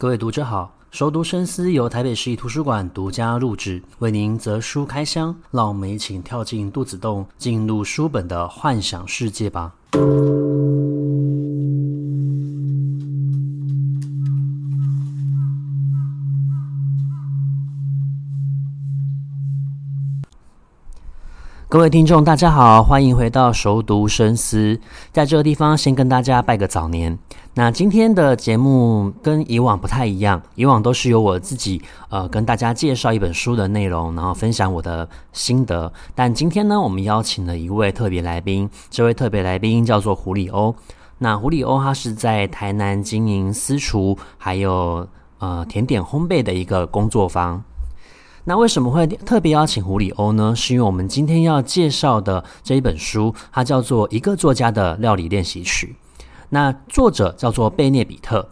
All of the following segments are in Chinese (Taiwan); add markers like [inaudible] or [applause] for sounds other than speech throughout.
各位讀者好，熟讀深思由台北市立圖書館獨家錄製，為您擇書開箱，讓我們一起跳進肚子洞，進入書本的幻想世界吧。各位聽眾，大家好，歡迎回到熟讀深思，在這個地方先跟大家拜個早年。那今天的節目跟以往不太一樣，以往都是由我自己呃跟大家介紹一本書的內容，然後分享我的心得。但今天呢，我們邀請了一位特別來賓，這位特別來賓叫做胡里歐。那胡里歐他是在台南經營私廚，還有呃甜點烘焙的一個工作坊。那為什麼會特別邀請胡里歐呢？是因為我們今天要介紹的這一本書，它叫做《一個作家的料理練習曲》。那作者叫做貝涅比特，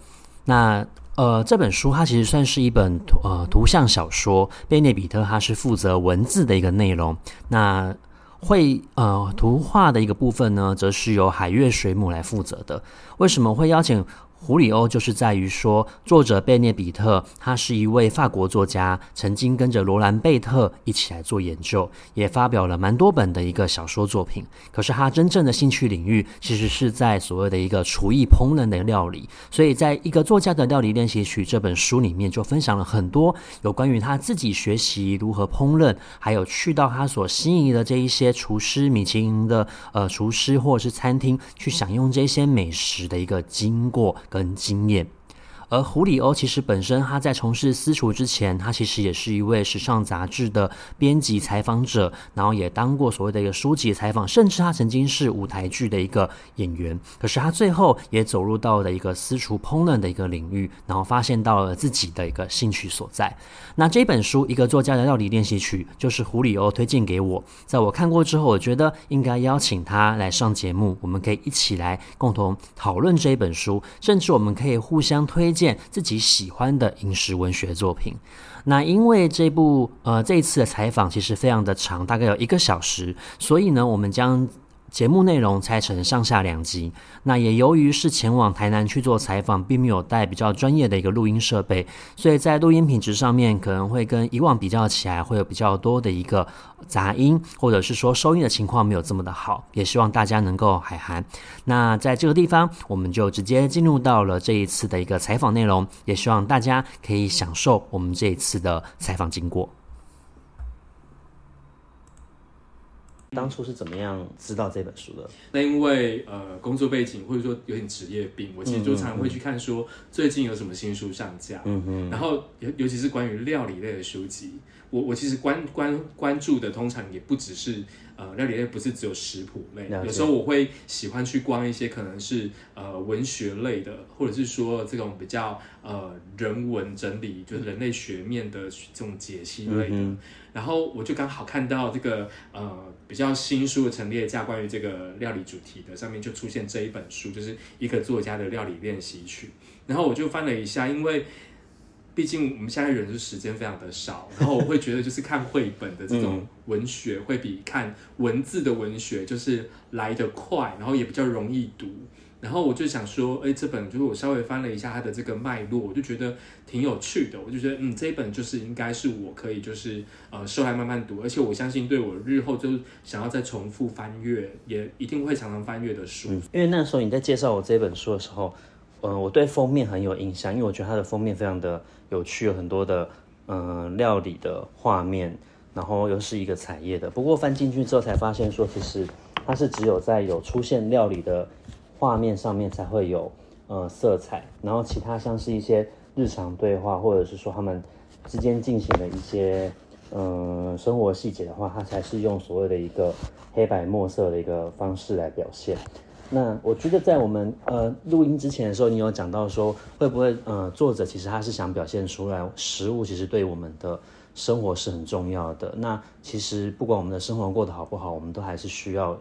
那呃這本書它其實算是一本圖呃圖像小說，貝涅比特它是負責文字的一個內容，那繪呃圖畫的一個部分呢，則是由海月水母來負責的，為什麼會邀請？胡里歐就是在於說，作者貝涅比特，他是一位法國作家，曾經跟着羅蘭貝特一起來做研究，也發表了蠻多本的一個小說作品。可是他真正的興趣領域，其實是在所謂的一個廚藝烹飪的料理。所以在一個作家的料理練習曲這本書裡面，就分享了很多有關於他自己學習如何烹飪，還有去到他所心儀的這一些廚師，米其林的呃廚師或者是餐廳去享用這些美食的一個經過，跟經驗。而胡里歐其實本身他在從事私廚之前，他其實也是一位時尚雜誌的編輯採訪者，然後也當過所謂的一個書籍採訪，甚至他曾經是舞台劇的一個演員。可是他最後也走入到了一個私廚烹飪的一個領域，然後發現到了自己的一個興趣所在。那這本書《一個作家的料理練習曲》就是胡里歐推薦給我，在我看過之後，我覺得應該邀請他來上節目，我們可以一起來共同討論這一本書，甚至我們可以互相推。薦自己喜歡的飲食文學作品，那因為這部呃這一次的採訪其實非常的長，大概有一個小時，所以呢我們將節目內容拆成上下兩集，那也由於是前往台南去做採訪，並沒有帶比較專業的一個錄音設備，所以在錄音品質上面可能會跟以往比較起來會有比較多的一個雜音，或者是說收音的情況沒有這麼的好，也希望大家能夠海涵。那在這個地方，我們就直接進入到了這一次的一個採訪內容，也希望大家可以享受我們這一次的採訪經過。當初是怎麼樣知道這本書的？那因為呃，工作背景或者說有點職業病，我其實就常會去看說最近有什麼新書上架。嗯嗯哼。然後尤其是關於料理類的書籍，我我其實關關關注的通常也不只是呃料理類，不是只有食譜類。了解。有時候我會喜歡去逛一些可能是呃文學類的，或者是說這種比較呃人文整理，就是人類學面的這種解析類的。嗯然後我就剛好看到這個呃比較新書的陳列架，關於這個料理主題的，上面就出現這一本書，就是一個作家的料理練習曲。然後我就翻了一下，因為畢竟我們現在人是時間非常的少，然後我會覺得就是看繪本的這種文學會比看文字的文學就是來得快，然後也比較容易讀。然後我就想說，哎，這本就是我稍微翻了一下它的這個脈絡，我就覺得挺有趣的。我就覺得，嗯，這一本就是應該是我可以就是呃，收來慢慢讀，而且我相信對我日後就是想要再重複翻閱，也一定會常常翻閱的書，嗯。因為那時候你在介紹我這本書的時候，呃，我對封面很有印象，因為我覺得它的封面非常的有趣，有很多的嗯、呃、料理的畫面，然後又是一個彩頁的。不過翻進去之後才發現說，就是，說其實它是只有在有出現料理的。畫面上面才會有呃色彩，然後其他像是一些日常對話，或者是說他們之間進行的一些嗯、呃、生活細節的話，它才是用所謂的一個黑白墨色的一個方式來表現。那我覺得在我們呃錄音之前的時候，你有講到說會不會呃作者其實他是想表現出來食物其實對我們的生活是很重要的。那其實不管我們的生活過得好不好，我們都還是需要。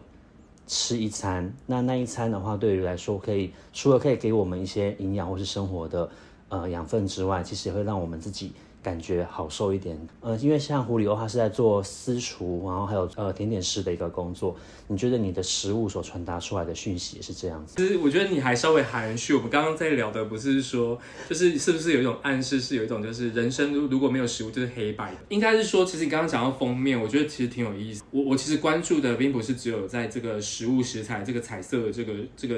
吃一餐，那那一餐的話，對於來說可以，除了可以給我們一些營養或是生活的，呃，養分之外，其實也會讓我們自己。感覺好受一點，呃，因為像胡里歐的話，是在做私廚，然後還有呃甜點師的一個工作。你覺得你的食物所傳達出來的訊息也是這樣子？其實我覺得你還稍微含蓄。我們剛剛在聊的不是說，就是是不是有一種暗示，是有一種就是人生如果沒有食物就是黑白的。應該是說，其實你剛剛講到封面，我覺得其實挺有意思。我我其實關注的並不是只有在這個食物食材這個彩色的這個這個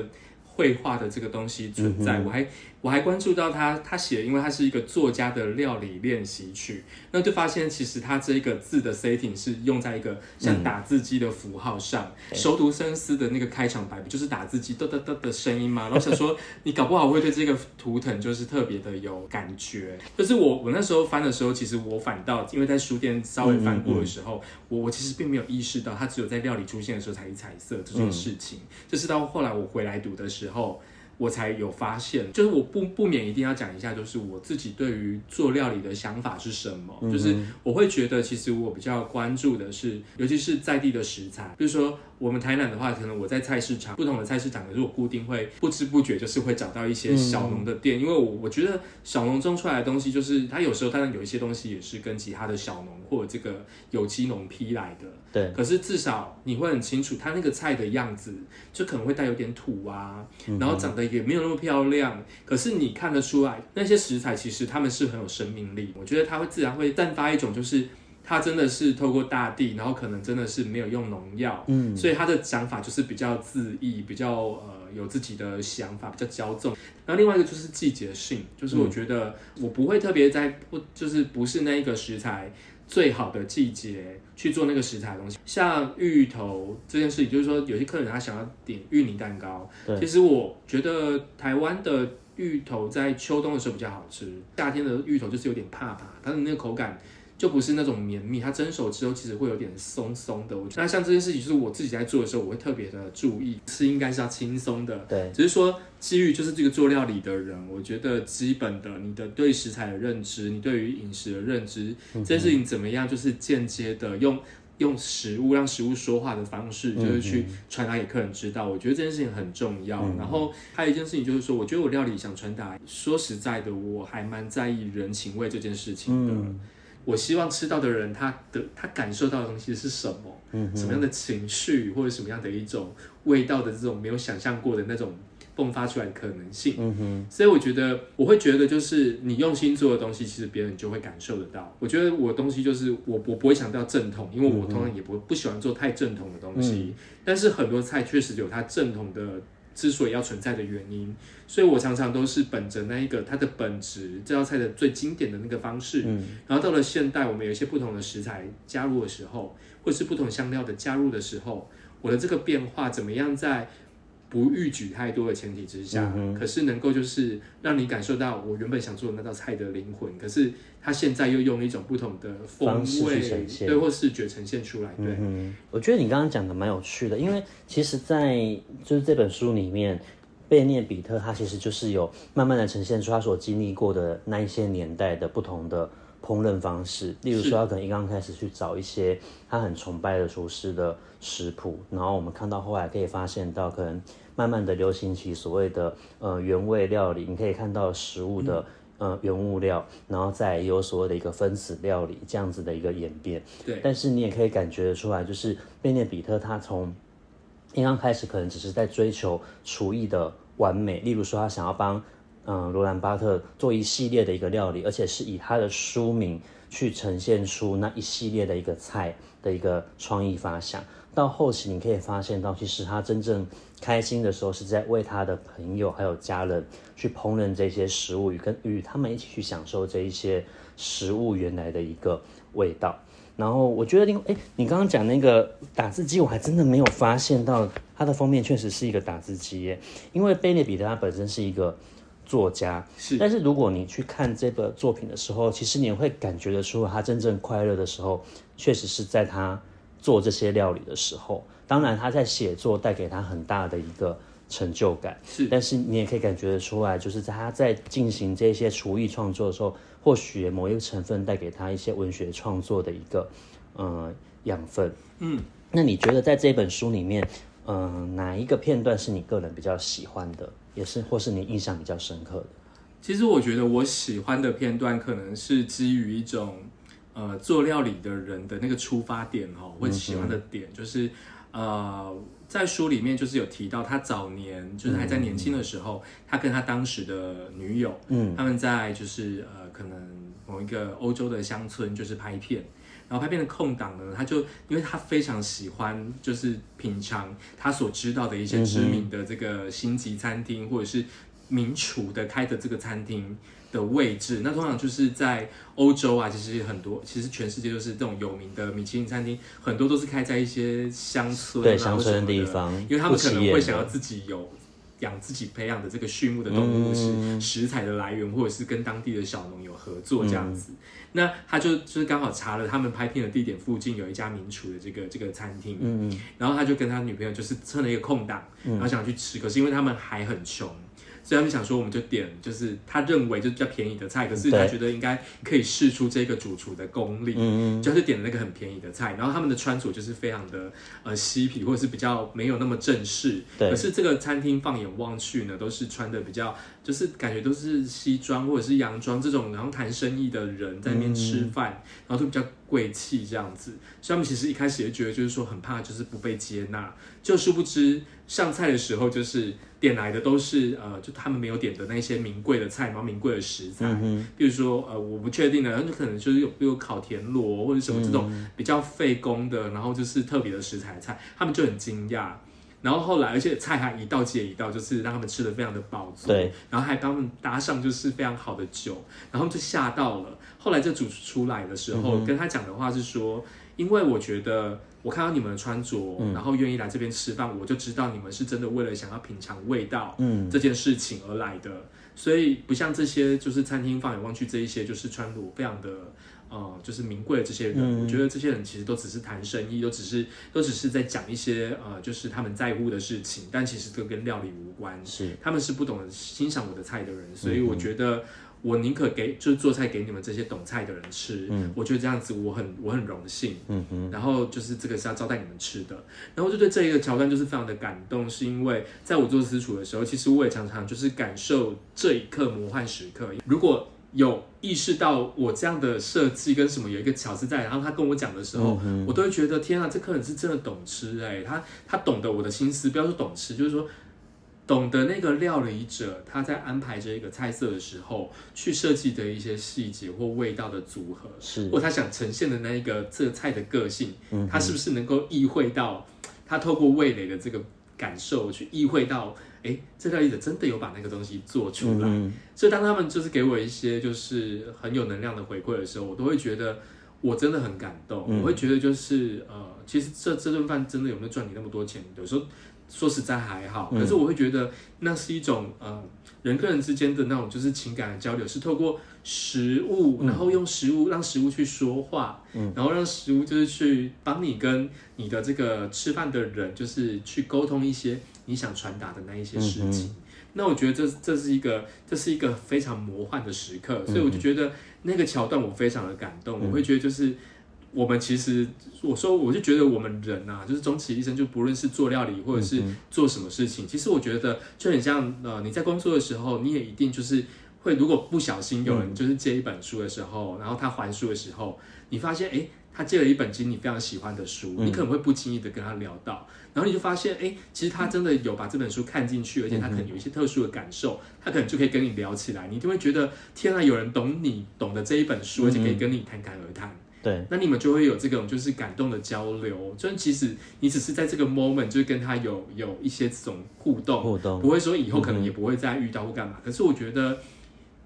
繪畫的這個東西存在，嗯哼。我還。我還關注到他，他寫，因為他是一個作家的料理練習曲，那就發現其實他這個字的 setting 是用在一個像打字機的符號上，熟、嗯、讀深思的那個開場白，不就是打字機嘚嘚嘚的聲音嗎？然後想說，你搞不好會對這個圖騰就是特別的有感覺。 [laughs] 就是我我那時候翻的時候，其實我反倒因為在書店稍微翻過的時候，嗯嗯嗯我我其實並沒有意識到，他只有在料理出現的時候才是彩色這種事情。嗯、就是到後來我回來讀的時候。我才有發現，就是我不不免，一定要講一下，就是我自己對於做料理的想法是什麼。嗯、哼就是我會覺得，其實我比較關注的是，尤其是在地的食材。比如說，我們台南的話，可能我在菜市場，不同的菜市場的，如果固定會不知不覺就是會找到一些小農的店，嗯、哼因為我我覺得小農種出來的東西，就是它有時候它有一些東西也是跟其他的小農或者這個有機農批來的。對，可是至少你會很清楚他那個菜的樣子，就可能會帶有點土啊，嗯、哼然後長得也沒有那麼漂亮。可是你看得出來，那些食材其實他們是很有生命力。我覺得他會自然會散發一種，就是他真的是透過大地，然後可能真的是沒有用農藥，嗯，所以他的想法就是比較恣意，比較呃有自己的想法，比較驕縱。然後另外一個就是季節性，就是我覺得我不會特別在不就是不是那一個食材，最好的季節去做那個食材的東西，像芋頭這件事情，就是說有些客人他想要點芋泥蛋糕，對其實我覺得台灣的芋頭在秋冬的時候比較好吃，夏天的芋頭就是有點怕怕，它的那個口感。就不是那種綿密，它蒸熟之後其實會有點鬆鬆的。我覺得那像這件事情，是我自己在做的時候，我會特別的注意，是應該是要輕鬆的。對，只是說基於就是這個做料理的人，我覺得基本的你的對食材的認知，你對於飲食的認知，嗯、哼這件事情怎麼樣，就是間接的用用食物讓食物說話的方式，就是去傳達給客人知道。我覺得這件事情很重要。嗯、哼然後還有一件事情就是說，我覺得我料理想傳達，說實在的，我還蠻在意人情味這件事情的。嗯我希望吃到的人，他的他感受到的東西是什麼？嗯哼，什麼樣的情緒或者什麼樣的一種味道的這種沒有想象過的那種迸發出來的可能性。嗯哼，所以我覺得我會覺得就是你用心做的東西，其實別人就會感受得到。我覺得我的東西就是我我不會想到正統，因為我通常也不、嗯、哼不喜歡做太正統的東西。嗯、但是很多菜確實有它正統的。之所以要存在的原因，所以我常常都是本着那一個它的本質，這道菜的最經典的那個方式。嗯。然後到了現代，我們有一些不同的食材加入的時候，或是不同香料的加入的時候，我的這個變化怎麼樣在？不逾矩太多的前提之下，嗯、哼可是能夠就是讓你感受到我原本想做的那道菜的靈魂，可是他現在又用一種不同的風味方式去呈現，對或視覺呈現出來。對，嗯、我覺得你剛剛講的蠻有趣的，因為其實在，在就是這本書裡面，貝涅比特他其實就是有慢慢的呈現出他所經歷過的那一些年代的不同的。烹飪方式，例如說他可能一剛開始，去找一些他很崇拜的廚師的食譜，是然後我們看到後來可以發現到，可能慢慢的流行起所謂的呃原味料理，你可以看到食物的，嗯、呃原物料，然後再也有所謂的一個分子料理這樣子的一個演變。對，但是你也可以感覺得出來，就是面面比特他從，一剛開始可能只是在追求廚藝的完美，例如說他想要幫。嗯，羅蘭·巴特，做一系列的一個料理，而且是以他的書名去呈現出那一系列的一個菜的一個創意發想。到後期你可以發現到，其實他真正開心的時候是在為他的朋友還有家人去烹飪這些食物，與跟與他們一起去享受這一些食物原來的一個味道。然後我覺得另哎、欸，你剛剛講那個打字機，我還真的沒有發現到它的封面確實是一個打字機耶，因為貝勒彼得他本身是一個。作家是，但是如果你去看這個作品的時候，其實你會感覺得出，他真正快樂的時候，確實是在他做這些料理的時候。當然，他在寫作帶給他很大的一個成就感是，但是你也可以感覺得出來，就是在他在進行這些廚藝創作的時候，或許某一個成分帶給他一些文學創作的一個呃養分。嗯，那你覺得在這本書裡面，嗯、呃，哪一個片段是你個人比較喜歡的，也是或是你印象比較深刻的？其實我覺得我喜歡的片段，可能是基於一種，呃，做料理的人的那個出發點哈、哦，或者喜歡的點，嗯、哼就是，呃，在書裡面就是有提到他早年就是還在年輕的時候，嗯、他跟他當時的女友，嗯，他們在就是呃，可能某一個歐洲的鄉村就是拍片。然後他變得空檔呢，他就因為他非常喜歡，就是品嘗他所知道的一些知名的這個星級餐廳，嗯哼。或者是名廚的開的這個餐廳的位置。那通常就是在歐洲啊，其實很多，其實全世界都是這種有名的米其林餐廳，很多都是開在一些鄉村，對或者什麼的鄉村地方的，因為他們可能會想要自己有。養自己培養的這個畜牧的動物是食材的來源，或者是跟當地的小農有合作這樣子。嗯、那他就就是剛好查了他們拍片的地點附近有一家名廚的這個這個餐廳，嗯、然後他就跟他女朋友就是蹭了一個空檔，嗯、然後想去吃，可是因為他們還很窮。所以他們想說，我們就點就是他認為就比較便宜的菜，可是他覺得應該可以試出這個主廚的功力，對就他就點了那個很便宜的菜，嗯嗯然後他們的穿着就是非常的呃嬉皮，或者是比較沒有那麼正式。對。可是這個餐廳放眼望去呢，都是穿的比較就是感覺都是西裝或者是洋裝這種，然後談生意的人在那邊吃飯，嗯嗯然後都比較貴氣這樣子，所以他們其實一開始也覺得，就是說很怕，就是不被接納。就殊不知上菜的時候，就是點來的都是呃，就他們沒有點的那些名貴的菜嘛，然後名貴的食材。嗯哼。比如說呃，我不確定的，然後可能就是有有烤田螺或者什麼這種比較費工的，嗯、然後就是特別的食材的菜，他們就很驚訝。然後後來，而且菜還一道接一道，就是讓他們吃得非常的飽足。對，然後還幫他們搭上就是非常好的酒，然後就嚇到了。後來這主廚出來的時候，嗯、哼跟他講的話是說，因為我覺得我看到你們的穿着，嗯、然後願意來這邊吃飯，我就知道你們是真的為了想要品嘗味道，這件事情而來的。嗯、所以不像這些就是餐廳放眼望去這一些就是穿着非常的。呃，就是名貴的這些人，嗯嗯，我覺得這些人其實都只是談生意，都只是都只是在講一些呃，就是他們在乎的事情，但其實都跟料理無關，是他們是不懂得欣賞我的菜的人，所以我覺得我寧可給就是做菜給你們這些懂菜的人吃，嗯嗯，我覺得這樣子我很我很榮幸，嗯哼、嗯，然後就是這個是要招待你們吃的，然後就對，這一個橋段就是非常的感動，是因為在我做私廚的時候，其實我也常常就是感受這一刻魔幻時刻，如果。有意識到我這樣的設計跟什麼有一個巧思在，然後他跟我講的時候，嗯嗯、我都會覺得天啊，這客人是真的懂吃哎、欸，他他懂得我的心思，不要說懂吃，就是說懂得那個料理者他在安排這個菜色的時候，去設計的一些細節或味道的組合，是或他想呈現的那一個這菜的個性，嗯嗯、他是不是能夠意會到，他透過味蕾的這個感受去意會到。哎，這家業者真的有把那個東西做出來，嗯、所以當他們就是給我一些就是很有能量的回饋的時候，我都會覺得我真的很感動。嗯、我會覺得就是呃，其實這這頓飯真的有沒有賺你那麼多錢？有時候說實在還好，可、嗯、是我會覺得那是一種呃人跟人之間的那種就是情感的交流，是透過食物，然後用食物、嗯、讓食物去說話，嗯、然後讓食物就是去幫你跟你的這個吃飯的人就是去溝通一些。你想傳達的那一些事情，嗯、哼那我覺得這是這是一個這是一個非常魔幻的時刻，嗯、哼所以我就覺得那個橋段我非常的感動。嗯、哼我會覺得就是我們其實我說我就覺得我們人吶、啊，就是終其一生，就不論是做料理或者是做什麼事情，嗯、哼其實我覺得就很像呃你在工作的時候，你也一定就是會如果不小心有人就是借一本書的時候，嗯、然後他還書的時候，你發現誒。他借了一本其實你非常喜歡的書，你可能會不經意的跟他聊到，嗯、然後你就發現，欸，其實他真的有把這本書看進去，而且他可能有一些特殊的感受，嗯、哼他可能就可以跟你聊起來，你就會覺得，天啊，有人懂你，懂得這一本書，嗯、哼而且可以跟你侃侃而談。對，那你們就會有這種就是感動的交流，就是其實你只是在這個 moment 就跟他有有一些這種互動，互動，不會說以後可能也不會再遇到或幹嘛。嗯、哼可是我覺得。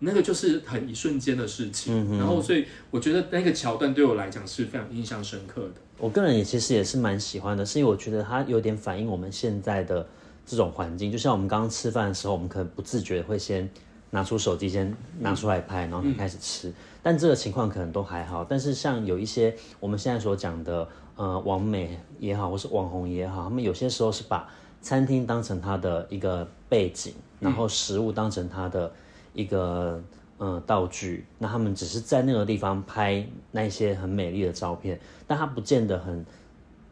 那個就是很一瞬間的事情，嗯、哼然後所以我覺得那個橋段對我來講是非常印象深刻的。我個人也其實也是蠻喜歡的，是因為我覺得它有點反映我們現在的這種環境。就像我們剛剛吃飯的時候，我們可能不自覺會先拿出手機，先拿出來拍，然後才開始吃。嗯嗯、但這個情況可能都還好，但是像有一些我們現在所講的，呃，網美也好，或是網紅也好，他們有些時候是把餐廳當成他的一個背景，嗯、然後食物當成他的。一個嗯、呃、道具，那他們只是在那個地方拍那些很美麗的照片，但他不見得很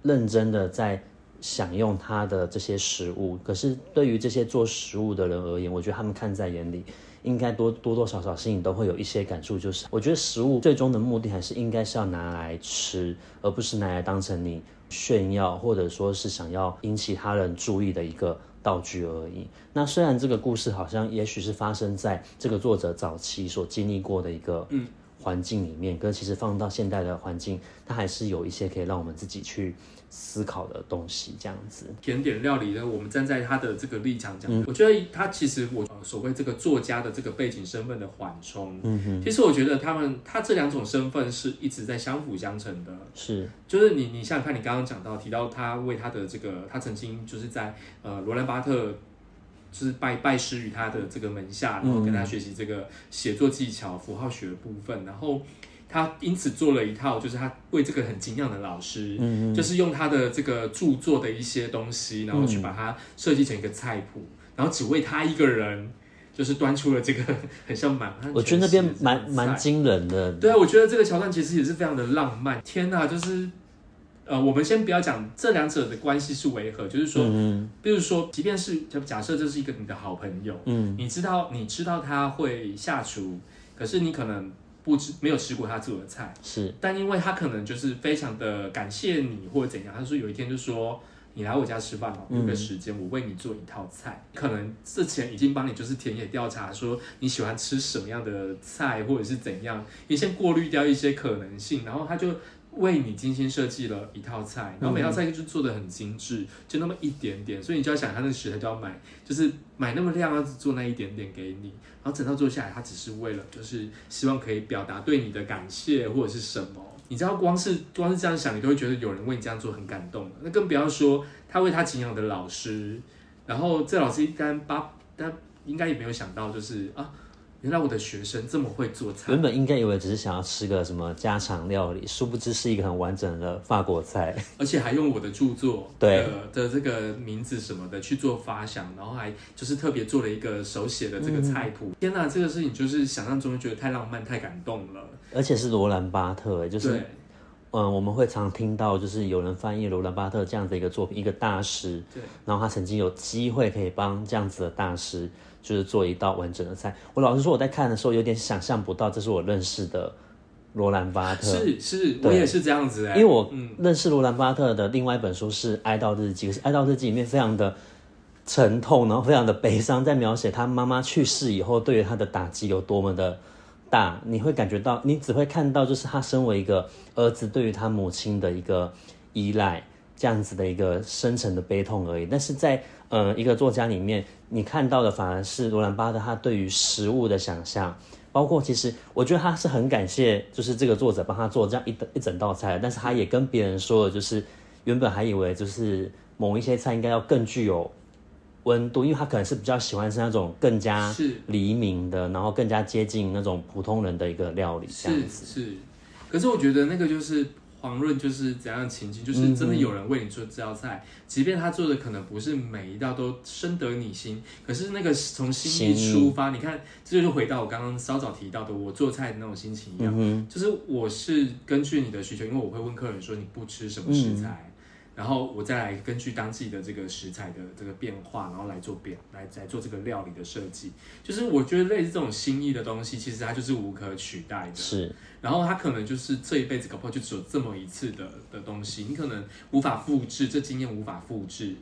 認真的在享用他的這些食物。可是對於這些做食物的人而言，我覺得他們看在眼裡，應該多多多少少心裡都會有一些感觸，就是我覺得食物最終的目的還是應該是要拿來吃，而不是拿來當成你炫耀或者說是想要引起他人注意的一個。道具而已。那雖然這個故事好像，也許是發生在這個作者早期所經歷過的一個環境裡面，跟其實放到現代的環境，它還是有一些可以讓我們自己去思考的東西。這樣子，甜點料理呢，我們站在他的這個立場講，嗯、我覺得他其實我所謂這個作家的這個背景身份的緩衝，嗯嗯哼，其實我覺得他們他這兩種身份是一直在相輔相成的，是，就是你你想想看，你剛剛講到提到他為他的這個他曾經就是在呃羅蘭巴特。就是拜拜師於他的這個門下，然後跟他學習這個寫作技巧，嗯、符號學的部分。然後他因此做了一套，就是他為這個很景仰的老師，嗯、就是用他的這個著作的一些東西，然後去把它設計成一個菜譜，嗯、然後只為他一個人，就是端出了這個很像滿漢全席。我覺得那邊蠻蠻驚人的。對啊，我覺得這個橋段其實也是非常的浪漫。天哪，就是。呃，我們先不要講這兩者的關係是為何。就是說，嗯、比如說，即便是假設這是一個你的好朋友，嗯，你知道，你知道他會下廚，可是你可能不知沒有吃過他做的菜，是，但因為他可能就是非常的感謝你或者怎樣，他說有一天就說你來我家吃飯哦，有個時間我為你做一套菜，嗯、可能之前已經幫你就是田野調查說，說你喜歡吃什麼樣的菜或者是怎樣，你先過濾掉一些可能性，然後他就。為你精心設計了一套菜，然後每道菜就做的很精緻，嗯、就那麼一點點，所以你就要想他那個食材就要買，就是買那麼量，他只做那一點點給你，然後整套做下來，他只是為了就是希望可以表達對你的感謝或者是什麼，你知道光是光是這樣想，你都會覺得有人為你這樣做很感動，那更不要說他為他敬仰的老師，然後這老師一般把，他應該也沒有想到就是啊。原來我的學生這麼會做菜，原本應該以為只是想要吃個什麼家常料理，殊不知是一個很完整的法國菜，而且還用我的著作、對、呃、的這個名字什麼的去做發想，然後還就是特別做了一個手寫的這個菜譜。嗯、天哪，這個事情就是想象中就覺得太浪漫，太感動了，而且是羅蘭·巴特，哎，就是。嗯，我們會常聽到，就是有人翻譯羅蘭巴特這樣子一個作品，一個大師。對。然後他曾經有機會可以幫這樣子的大師，就是做一道完整的菜。我老實說，我在看的時候有點想象不到，這是我認識的羅蘭巴特。是是，對。我也是這樣子欸。因為我認識羅蘭巴特的另外一本書是《哀悼日記》，可是《哀悼日記》裡面非常的沉痛，然後非常的悲傷，在描寫他媽媽去世以後對於他的打擊有多麼的。大，你會感覺到，你只會看到，就是他身為一個兒子對於他母親的一個依賴，這樣子的一個深沉的悲痛而已。但是在嗯、呃、一個作家裡面，你看到的反而是羅蘭巴特他對於食物的想象，包括其實我覺得他是很感謝，就是這個作者幫他做這樣一一整道菜，但是他也跟別人說了，就是原本還以為就是某一些菜應該要更具有溫度，因為他可能是比較喜歡是那種更加是黎民的，是然後更加接近那種普通人的一個料理，是是。可是我覺得那個就是黃潤，就是怎樣的情景，就是真的有人為你做這道菜，嗯、哼即便他做的可能不是每一道都深得你心，可是那個從心出發，行你看，這就是回到我剛剛稍早提到的，我做菜的那種心情一樣，嗯、哼就是我是根據你的需求，因為我會問客人說你不吃什麼食材。嗯然後我再來根據當季的這個食材的這個變化，然後來做變，來來做這個料理的設計。就是我覺得類似這種心意的東西，其實它就是無可取代的。是，然後它可能就是這一輩子搞不好就只有這麼一次的的東西，你可能無法複製，這經驗無法複製，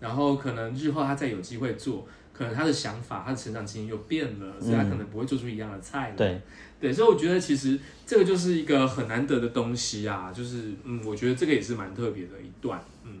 然後可能日後他再有機會做。可能他的想法，他的成長經驗又變了，所以他可能不會做出一樣的菜，嗯。對，對，所以我覺得其實這個就是一個很難得的東西啊，就是嗯，我覺得這個也是蠻特別的一段。嗯，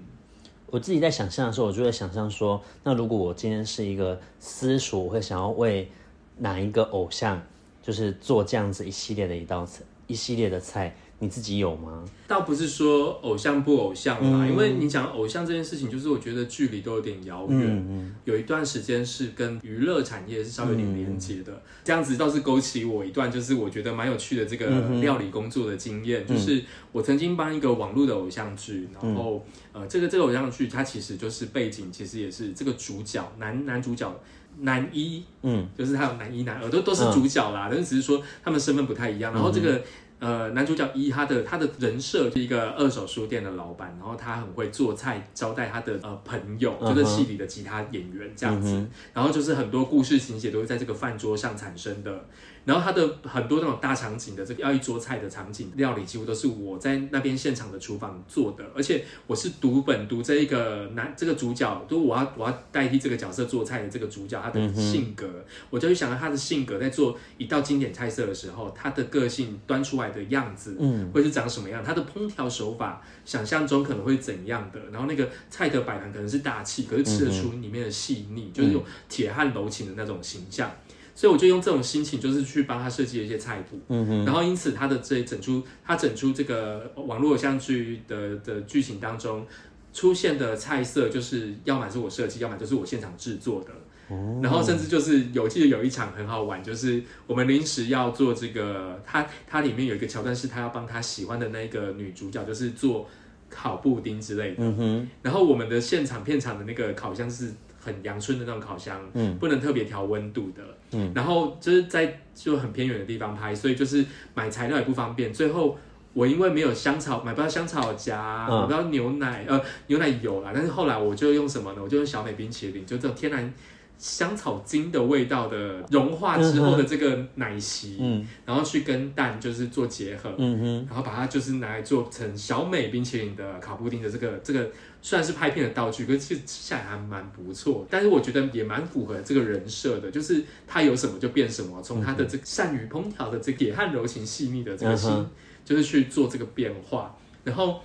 我自己在想象的時候，我就會想象說，那如果我今天是一個私塾，我會想要為哪一個偶像，就是做這樣子一系列的一道菜，一系列的菜。你自己有嗎？倒不是說偶像不偶像嘛，嗯、因為你講偶像這件事情，就是我覺得距離都有點遙遠。嗯、有一段時間是跟娛樂產業是稍微有點連接的，嗯、這樣子倒是勾起我一段就是我覺得蠻有趣的這個料理工作的經驗，嗯、哼就是我曾經幫一個網絡的偶像劇，嗯、然後呃，這個這個偶像劇它其實就是背景，其實也是這個主角男，男主角男一，嗯，就是他有男一男二都都是主角啦，嗯、但是只是說他們身份不太一樣，嗯、哼然後這個。呃，男主角一他的他的人設是一個二手書店的老闆，然後他很會做菜，招待他的呃朋友，就是戲裡的其他演員這樣子，嗯哼，然後就是很多故事情節都是在這個飯桌上產生的。然後他的很多那種大場景的這個要一桌菜的場景料理，幾乎都是我在那邊現場的廚房做的。而且我是讀本讀這一個男這個主角，都我要我要代替這個角色做菜的這個主角，他的性格，嗯、哼我就去想到他的性格在做一道經典菜色的時候，他的個性端出來的樣子，會是長什麼樣？嗯、他的烹調手法想象中可能會怎樣的？然後那個菜的擺盤可能是大氣，可是吃得出裡面的細膩，嗯、哼就是有鐵漢柔情的那種形象。嗯嗯所以我就用這種心情，就是去幫他設計一些菜譜，嗯嗯哼，然後因此他的這整齣他整齣這個網絡偶像劇的的劇情當中出現的菜色，就是要麼是我設計，要麼就是我現場製作的，哦、嗯，然後甚至就是有記得有一場很好玩，就是我們臨時要做這個，他他裡面有一個橋段是他要幫他喜歡的那個女主角，就是做烤布丁之類的，嗯哼，然後我們的現場片場的那個烤箱是很陽春的那種烤箱，嗯，不能特別調溫度的。嗯、然後就是在就很偏遠的地方拍，所以就是買材料也不方便。最後我因為沒有香草，買不到香草莢，啊，嗯、買不到牛奶，呃，牛奶有了，啊，但是後來我就用什麼呢？我就用小美冰淇淋，就這種天然。香草精的味道的融化之後的這個奶昔，嗯嗯、然後去跟蛋就是做結合，嗯、哼然後把它就是拿來做成小美冰淇淋的卡布丁的這個、嗯、哼這個，雖然是拍片的道具，可是其實吃起來還蠻不錯。但是我覺得也蠻符合這個人設的，就是它有什麼就變什麼，從它的這個善於烹調的這個也很、嗯、哼柔情細膩的這個心，嗯、哼就是去做這個變化。然後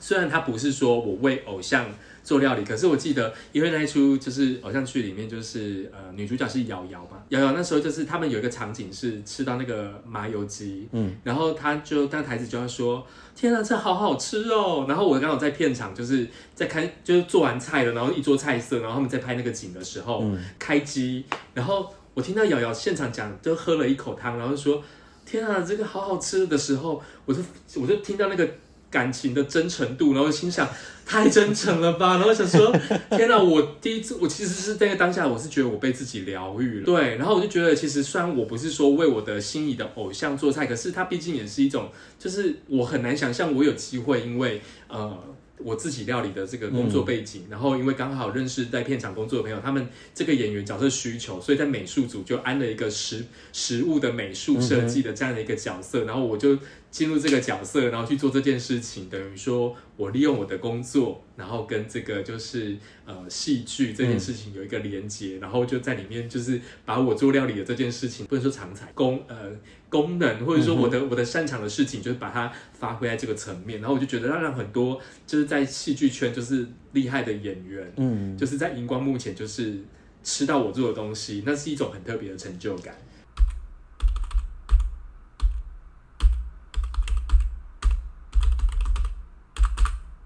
雖然它不是說我為偶像，做料理，可是我記得，因為那一出就是偶像劇裡面，就是呃女主角是瑤瑤嘛，瑤瑤那時候就是他們有一個場景是吃到那個麻油雞，嗯，然後他就那台詞就要說：“天啊，這好好吃哦！”然後我剛好在片場，就是在開，就是做完菜了，然後一桌菜色，然後他們在拍那個景的時候、嗯、開機，然後我聽到瑤瑤現場講，就喝了一口湯，然後說：“天啊，這個好好吃！”的時候，我就我就聽到那個。感情的真誠度，然後心想太真誠了吧， [laughs] 然後想說天哪，我第一次，我其實是在當下，我是覺得我被自己療癒了，對，然後我就覺得其實雖然我不是說為我的心儀的偶像做菜，可是他畢竟也是一種，就是我很難想象我有機會，因為呃。我自己料理的這個工作背景，嗯、然後因為剛好認識在片場工作的朋友，他們這個演員角色需求，所以在美術組就安了一個食食物的美術設計的這樣的一個角色，嗯嗯、然後我就進入這個角色，然後去做這件事情，等於說我利用我的工作，然後跟這個就是呃戲劇這件事情有一個連接，嗯、然後就在裡面就是把我做料理的這件事情，不能說常才工呃。功能，或者說我的、嗯、哼我的擅長的事情，就是把它發揮在這個層面，然後我就覺得讓讓很多就是在戲劇圈就是厲害的演員，嗯，就是在熒光幕前就是吃到我做的東西，那是一種很特別的成就感。